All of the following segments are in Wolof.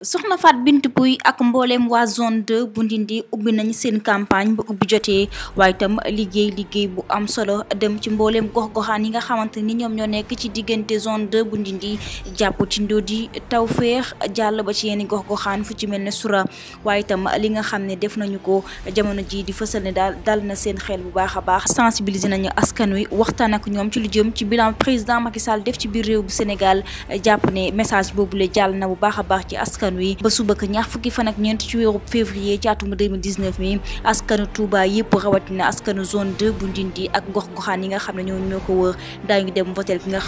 soxna faat bint Pouye ak mbooleem waa zone de bu Ndindi ubbi nañ seen campagne ba ubbi jotee waaye itam liggéey liggéey bu am solo dem ci mbooleem gox-goxaan yi nga xamante ni ñoom ñoo nekk ci diggante zone 2 bu Ndindi jàpp ci Ndodi Tawféex jàll ba ci yenn gox-goxaan fu ci mel ne Sura waaye itam li nga xam ne def nañu ko jamono ji di fësal ne daal dal na seen xel bu baax a baax sensibilisé nañu askan wi waxtaan ak ñoom ci lu jëm ci bilan président Macky def ci biir réew bu Sénégal jàpp ne message boobu la jàll na bu baax a baax askan wi ba suba ak ñaar fukki fan ak ñeent ci weeru février ci atum 2019 mi askanu Touba yëpp rawatina askanu zone 2 bu Ndindi ak gox-goxaan yi nga xam ne ñoo ñoo ko wër daañu dem votel ki nga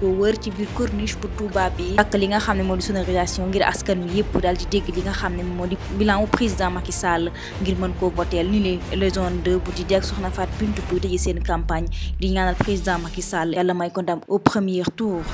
ko wër ci biir corniche bu Touba bi li nga xam ne moo di sonorisation ngir askan wi yëpp daal di dégg li nga xam président Macky Sall ngir mën koo votel ni les zones 2 bu Ndindi di ak soxna Fatou Bintou Pouye tëjee seen campagne di ñaanal président Macky Sall yàlla may ko ndam au premier tour